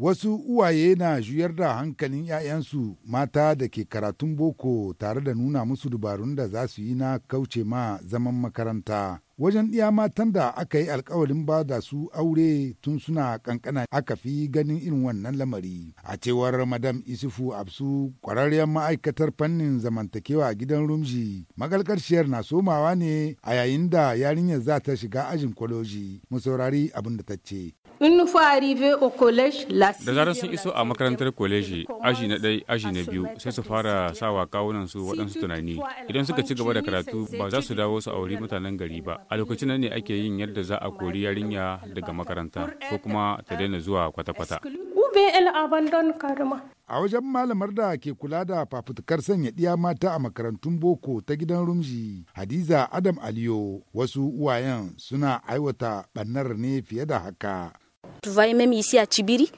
Wasu uwaye na juyar da hankalin 'ya'yansu mata da ke karatun boko tare da nuna musu dubarun da za su yi na kauce ma zaman makaranta. Wajen ɗiya matan da aka yi alkawarin ba da su aure tun suna kankana aka fi ganin irin wannan lamari. A cewar Madam Isufu Absu, ƙwararren ma'aikatar fannin zamantakewa a gidan Rumji, magalkarciyar na somawa ne a yayin da yarinyar za ta shiga ajin kwaloji. Mu saurari abin da ta ce. Da zarar sun iso a makarantar koleji aji na ɗai, aji na biyu, sai su fara sawa kawunan su waɗansu tunani. Idan suka ci gaba da karatu, ba za su dawo su auri mutanen gari ba. A lokacin nan ne ake yin yadda za a kori yarinya daga makaranta, ko kuma ta daina zuwa kwata-kwata. A wajen malamar da ke kula da fafutukar sanya ɗiya mata a makarantun boko ta gidan rumji, Hadiza Adam Aliyo, wasu uwayen suna aiwata ɓannar ne fiye da haka. tuvai A cibiri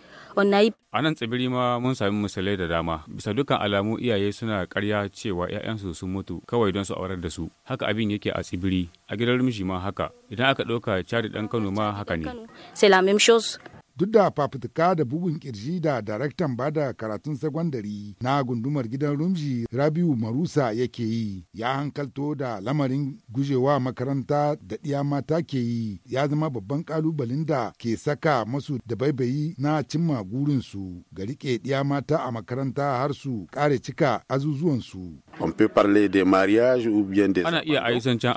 a nan tsibiri ma mun sami misalai da dama. Bisa dukkan alamu iyaye suna karya cewa 'ya'yansu sun mutu kawai don su aurar da su. Haka abin yake a tsibiri, a gidan rumshi ma haka. Idan aka ɗauka cari ɗan Kano ma haka ne. duk da fafutuka da bugun kirji da daraktan bada karatun sakwandari na gundumar gidan rumji rabiu marusa yake yi ya hankalto da lamarin gujewa makaranta da ɗiya mata ke yi ya zama babban kalubalen da ke saka masu da baibayi na cimma gurinsu ga riƙe ɗiya mata a makaranta har su ƙare cika azuzuwansu. ana iya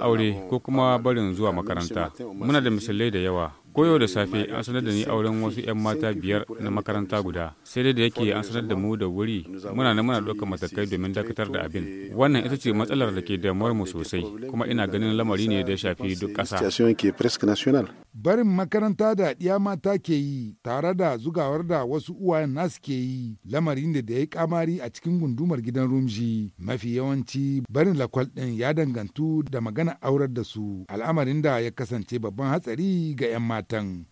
aure ko kuma barin zuwa makaranta muna da misalai da yawa Koyo da safe an sanar da ni auren wasu 'yan mata biyar na makaranta guda. Sai dai da yake an sanar da mu da wuri muna nan muna ɗaukar matakai domin dakatar da abin. Wannan ita ce matsalar da ke damuwar mu sosai kuma ina ganin lamari ne da ya shafi duk ƙasa. Barin makaranta da ɗiya mata ke yi tare da zugawar da wasu uwayen nasu ke yi lamarin da da ya yi kamari a cikin gundumar gidan rumji mafi yawanci barin lakwal ɗin ya dangantu da magana aurar da su al'amarin da ya kasance babban hatsari ga 'yan mata. ating